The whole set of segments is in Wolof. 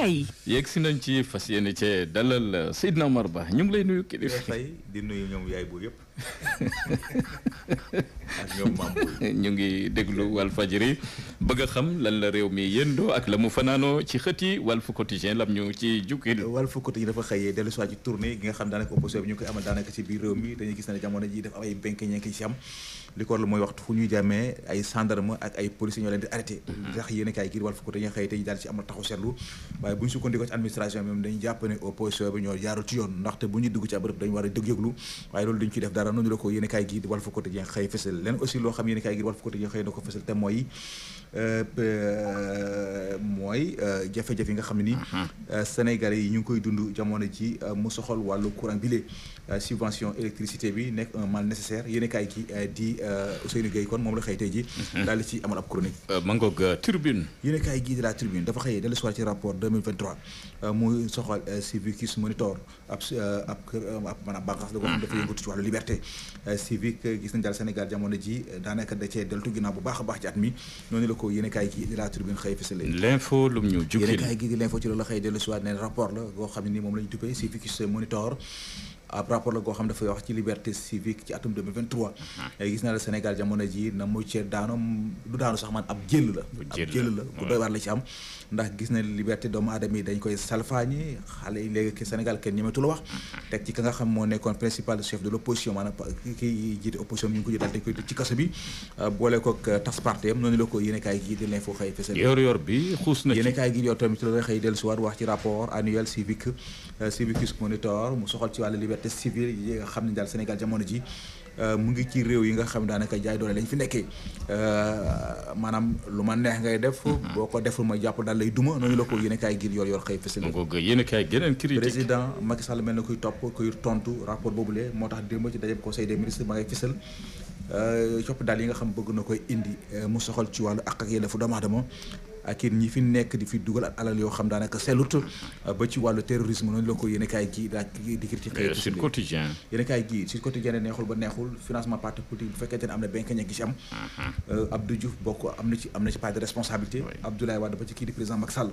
kay. yegg si nañ ci fas yéene cee dalal na Omar Ba ñu ngi lay nuyu kilifa. di nuyu ñoom yaay boobu yëpp. ñu ngi déglu Walfadjri bëgg a xam lan la réew mi yëndoo ak la mu fanaanoo ci xët yi Walf Quotidien lam ñu ci jukkil Walf Quotidien dafa xëyee dellu soit ci tournée gi nga xam daanaka opposition bi ñu koy amal daanaka ci biir réew mi dañuy gis ne jamono ji def am ay benk ñenk ci am li ko waral mooy waxtu fu ñuy jàmmee ay gendarme ak ay policiers ñoo leen di arrêté tax mhm. yéen a kaay giir Walf Quotidien xëyee tey daal ci amal taxu seetlu waaye bu ñu sukkandikoo ci administration bi moom dañu jàpp ne opposition bi ñoo jaaru ci bu ñuy dugg ci ab bërëb dañu war a dara noonu la ko yéen kaay gi di Walf Quotidien xëy mooy euh, euh, mooy euh, jafe yi nga xam ne ni mhm. Sénégalais yi ñu ngi koy dund jamono ji mu soxal wàllu courant subvention électricité bi nekk un mal nécessaire yéen kaay gi di Ousseynou Gueye kon moom la xëy tey ji mhm. daal di ci amal ab chronique mangoog tribune yéen gi di la tribune dafa xëyee dellu soir ci rapport 2023 muy soxal civisme monitor ab ab ab maanaam bànqaas mhm. dafa yëngatu ci wàllu liberté société civique euh, gis nañ daal Sénégal jamono ji euh, daanaka da cee deltu ginnaaw bu baax a baax ci at mi noonu la ko yéen a kaay gi di la tribune xëy fësale l'info lum ñu jukkil yéen a kaay gi di l'info ci loolu la xëy dellu si waat ne rapport la boo xam ne nii moom la ñu tuppee civic monitor ab rapport la goo xam dafay wax ci liberté civique ci atum 2023 uh-huh. eh, gis na la Sénégal jamono ji na mu cee daanam du daanu sax man ab jël la bu hmm. doy waar la ci am ndax gis na liberté doomu aadama yi dañ koy salfaañi xale yi léegi Sénégal kenn ñemetu la wax uh-huh. teg ci l' opposition maanaam ki kaso bi euh, boole ko euh, noonu la ko yéene kaay gii di l'info xëy fësal yor yor bi xuus na ci yéene gi yor tamit la xëy dellusiwaat wax ci rapport annuel civique euh, ci wàllu liberté liberté civile yi nga xam ne daal Sénégal jamono ji euh, mu ngi ci réew yi nga xam daanaka jaay doole lañ fi nekkee euh, maanaam lu ma neex ngay def. Mhm. boo ko deful ma jàpp daal lay duma noonu la ko yéen a kaay ngir yor yor xëy fësal. yéen a kaay geneen critique président Macky Sall mel na kuy topp kuy tontu rapport boobule moo tax démb ci dajeeb conseil des ministres ma ngay fësal. Euh, copp daal yi nga xam bëgg na koy indi mu soxal ci wàllu àq ak yelleefu doomu aadama ak it ñi fi nekk di fi dugal ak alal yoo xam daanaka sellut euh, ba ci wàllu terrorisme noonu la ko yéen a kaay gii daa di critiquer Sud Quotidien yéen a kaay gii Sud Quotidien ne neexul ba neexul financement parti politique bu fekkente ne am na benkañ a gi am uh-huh. euh, Abdou bokk am na ci am na ci part de responsabilité Abdoulaye Wade ba ci kii di président Macky Sall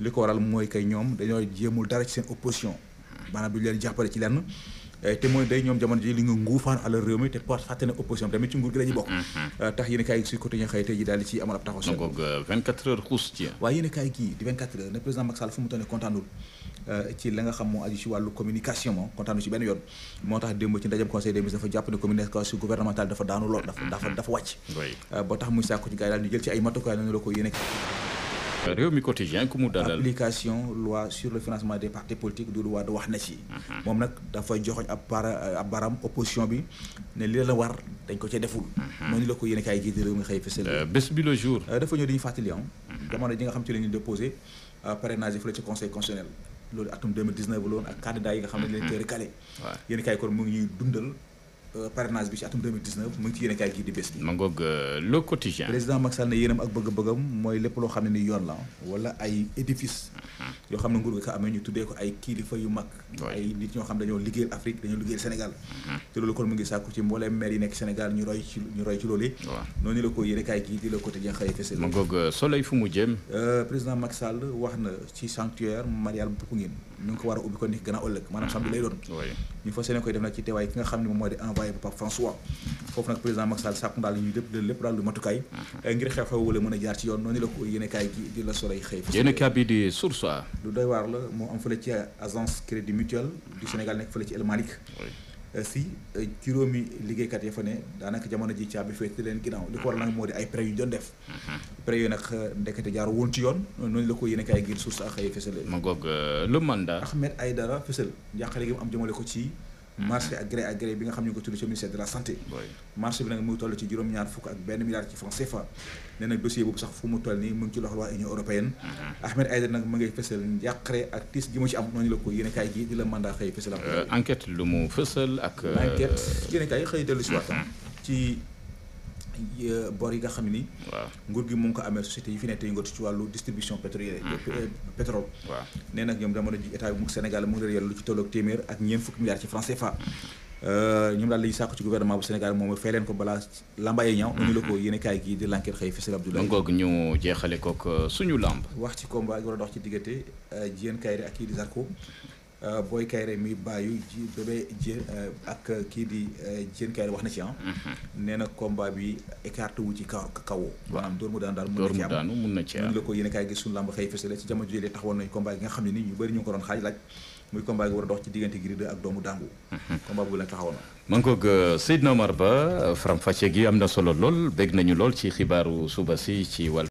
li ko waral mooy kay ñoom dañoo jéemul dara ci seen opposition uh-huh. maanaam du leen jàppale ci lenn Eh, te mooy day ñoom jamono ji li nga nguufaan àlal réew mi te pas fàtte ne opposition tamit ci nguur gi la bokk mm-hmm. eh, tax yéen kaay gi di ci amal euh, heures ne président Macky fu mu toll nii kontaanul eh, ci la nga xam moo aju ci wàllu communication moom kontaanul ci benn yoon moo tax démb ci ndajam conseil des ministres dafa jàpp ne communication gouvernementale dafa daanu lool dafa mm-hmm. wàcc ba tax muy sàkku ci gars yi daal ñu jël ci ay matukaay nañu la ko yéen réew mi quotidien ku mu dalal application loi sur le financement des partis politiques Doudou Wade wax na ci. Uh-huh. moom nag dafay joxoñ ab para euh, baram opposition bi ne li la war dañ ko ca deful. Uh-huh. noonu la ko yéen a kaay jiite réew mi xëy fësal. Euh, bés bi le jour. Euh, dafa ñëw dañuy fàttali ah. Uh-huh. jamono ji nga xam ci la ñuy déposé parrainage yi fële ci loolu atum 2019 la woon ak candidat yi nga xam ne leen cee recalé. waaw yéen a kaay kon mu ngi dundal. Euh, parrainage bi ci atum 2019 mu ngi ci yéen a di bés bi. ma ngoog euh, a mhm. mhm. euh, soleil fu mu président Macky wax na ci sanctuaire marial bu Koungheul ñu ngi ko war a ubbi ko ni gën a ëllëg maanaam samedi lay doon ñu fas yéene koy def nag ci teewaay ki nga xam ne moom moo di envoyé bàyyi ba Pape François foofu nag président Macky Sall sàkku daal yu lépp de lépp daal lu matukaay eh, ngir xew xew wala mën a jaar ci yoon noonu la ko yéene kaay gi di la Soleil xëy Source A lu doy waar la moo am fële ci crédit mutuel du Sénégal nekk fële ci El Malick eh, si eh, fa ne daanaka jamono ji caabi féete leen ginnaaw li ko waral nag moo di ay prêt yu ñu def mhm. prêt yooyu nag ndekete ci yoon noonu la ko yéene kaay gi Source A xëy fësal ma goog le mandat Ahmed Aïdara fësal njàqare gi mu am jëmale ko ci Mm-hmm. marché ak gré bi nga xam ne ko tudd ci ministère de la santé marché bi nag mu ngi toll ci juróom-ñaar fukk ak benn milliard ci franc CFA nee nag dossier boobu sax fu mu toll nii mu ngi ci loxol waa union européenne mm-hmm. Ahmed Aïdara nag mu ngay fësal njàqare ak tiis gi mu ci am noonu la ko yéen kaay di la mandat xëy fësal am euh, enquête lu mu fësal ak enquête euh, yéen xëy dellu si waxtaan mm-hmm. ci Euh, bor yi nga xam ni. waaw nguur gi mun ngi ko amee société yi fi nekk tey yëngatu ci wàllu distribution pétrolière. Mm-hmm. Euh, euh, pétrole. waaw nee na ñoom jamono ji état bi mu Sénégal mu ngi leen lu ci tolloog téeméer ak ñeent fukki milliards ci franc CFA. Mm-hmm. ñoom daal la sàkku ci gouvernement bu Sénégal moom fay leen ko balaa lambaye ñaaw ñu mm-hmm. la ko yéen kaay gii di l'enquête xëy Fesal Abdoulaye ngoog ñu jeexale kook suñu làmb wax ci combat gi war a dox ci diggante Diène Kairé kii di Zarko Euh, Boy Kayre mi bàyyu ji bébé jë euh, ak kii di euh, Diène Kayre wax na ci ah. Mhm. nee na combat bi écarté wu ci kaw kawoo. maanaam mu daan daal mën na ci am daanu mën na ci am. la ko a kaay gis suñu làmb xëy fësale ci jamono jëlee taxawal nañu combat gi nga xam ne nii ñu bëri ñu ko doon xaaj laaj. muy combat bi war a dox ci diggante Gris ak doomu Dangu. Mhm. combat boobu la taxawoon. maa ngi koog Seydina Omar Ba faram gi am na solo lool bégg nañu lool ci xibaaru suba si ci wàll.